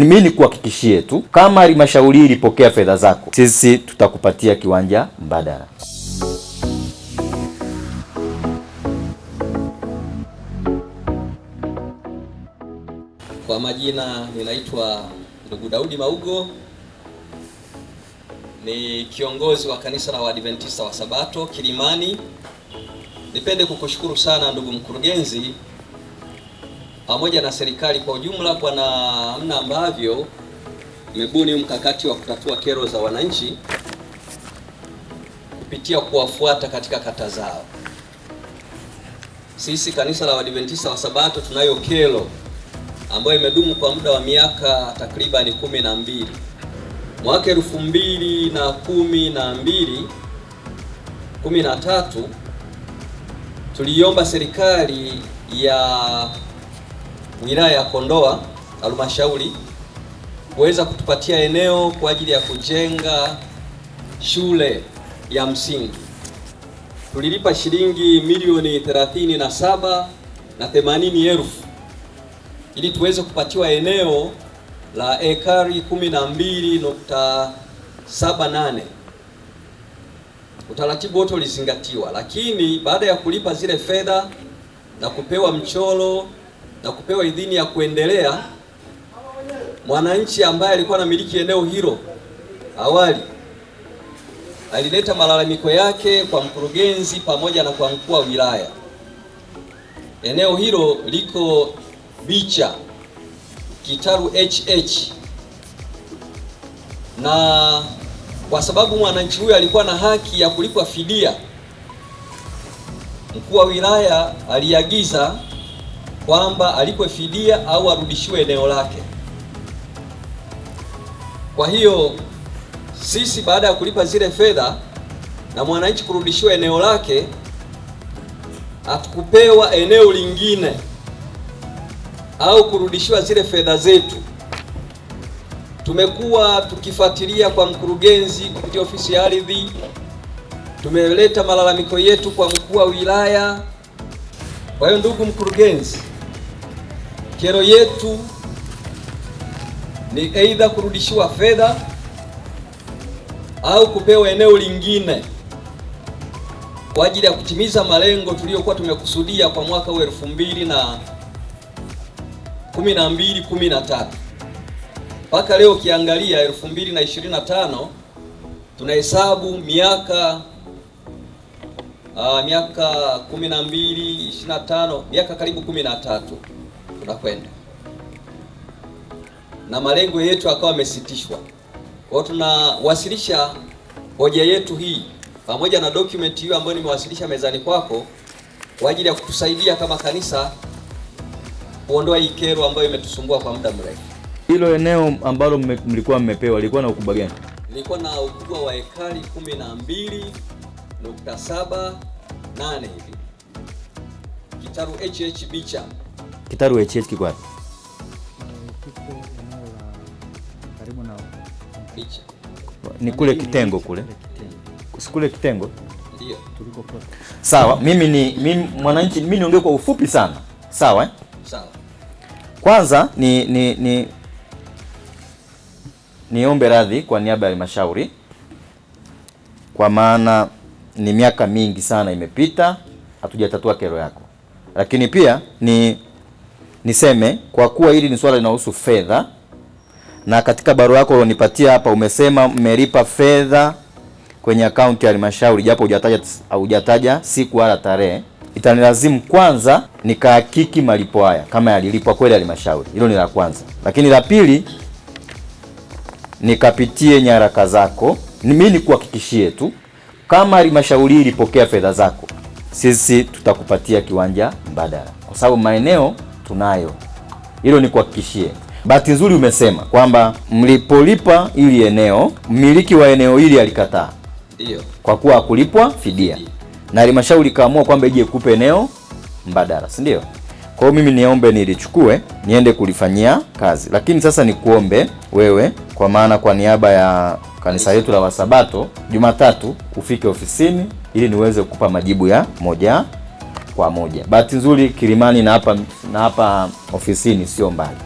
Mimi nikuhakikishie tu kama halmashauri ilipokea fedha zako, sisi tutakupatia kiwanja mbadala. Kwa majina ninaitwa ndugu Daudi Maugo, ni kiongozi wa kanisa la Waadventista wa Sabato Kilimani. Nipende kukushukuru sana ndugu mkurugenzi pamoja na serikali kwa ujumla kwa namna ambavyo mebuni mkakati wa kutatua kero za wananchi kupitia kuwafuata katika kata zao. Sisi kanisa la Waadventista wa Sabato tunayo kero ambayo imedumu kwa muda wa miaka takribani kumi na mbili. Mwaka elfu mbili na kumi na mbili kumi na tatu tuliomba serikali ya wilaya ya Kondoa halmashauri kuweza kutupatia eneo kwa ajili ya kujenga shule ya msingi. Tulilipa shilingi milioni 37 na 80 elfu ili tuweze kupatiwa eneo la ekari 12.78. Utaratibu wote ulizingatiwa, lakini baada ya kulipa zile fedha na kupewa mchoro na kupewa idhini ya kuendelea, mwananchi ambaye alikuwa anamiliki eneo hilo awali alileta malalamiko yake kwa mkurugenzi pamoja na kwa mkuu wa wilaya. Eneo hilo liko Bicha Kitaru HH, na kwa sababu mwananchi huyo alikuwa na haki ya kulipwa fidia, mkuu wa wilaya aliagiza kwamba alipwe fidia au arudishiwe eneo lake. Kwa hiyo sisi baada ya kulipa zile fedha na mwananchi kurudishiwa eneo lake, hatukupewa eneo lingine au kurudishiwa zile fedha zetu. Tumekuwa tukifuatilia kwa mkurugenzi kupitia ofisi ya ardhi, tumeleta malalamiko yetu kwa mkuu wa wilaya. Kwa hiyo ndugu mkurugenzi Kero yetu ni aidha kurudishiwa fedha au kupewa eneo lingine kwa ajili ya kutimiza malengo tuliyokuwa tumekusudia kwa mwaka wa elfu mbili na kumi na mbili kumi na tatu mpaka leo ukiangalia elfu mbili na ishirini na tano tunahesabu miaka uh, miaka kumi na mbili ishirini na tano miaka karibu kumi na tatu tunakwenda na malengo yetu akawa amesitishwa. Kwa tunawasilisha hoja yetu hii pamoja na document hiyo ambayo nimewasilisha mezani kwako kwa ajili ya kutusaidia kama kanisa kuondoa hii kero ambayo imetusumbua kwa muda mrefu. Hilo eneo ambalo mlikuwa mmepewa lilikuwa na ukubwa gani? Lilikuwa na ukubwa wa ekari 12.78 hivi kitaru HH Bicha Kitaru HH kiko Ni kule kitengo kule, sikule kitengo. Sawa, mimi ni mimi mwananchi, mimi niongee kwa ufupi sana sawa eh? Sawa. Kwanza ni ni ni niombe radhi kwa niaba ya halmashauri kwa maana ni miaka mingi sana imepita hatujatatua kero yako, lakini pia ni niseme kwa kuwa hili ni swala linahusu fedha, na katika barua yako ulionipatia hapa umesema mmelipa fedha kwenye akaunti ya halmashauri japo hujataja hujataja siku wala tarehe, itanilazimu kwanza nikahakiki malipo haya kama yalilipwa kweli halmashauri. Hilo ni la kwanza, lakini la pili nikapitie nyaraka zako. Mimi nikuhakikishie tu kama halmashauri ilipokea fedha zako, sisi tutakupatia kiwanja mbadala, kwa sababu maeneo tunayo, hilo ni kuhakikishie. Bahati nzuri umesema kwamba mlipolipa ili eneo, mmiliki wa eneo hili alikataa, ndio kwa kuwa hakulipwa fidia, na halmashauri ikaamua kwamba ije kupe eneo mbadala, si ndio? Kwa hiyo mimi niombe nilichukue niende kulifanyia kazi, lakini sasa nikuombe wewe, kwa maana kwa niaba ya kanisa letu la Wasabato, Jumatatu ufike ofisini ili niweze kukupa majibu ya moja kwa moja. Bahati nzuri Kilimani na hapa na hapa ofisini sio mbali.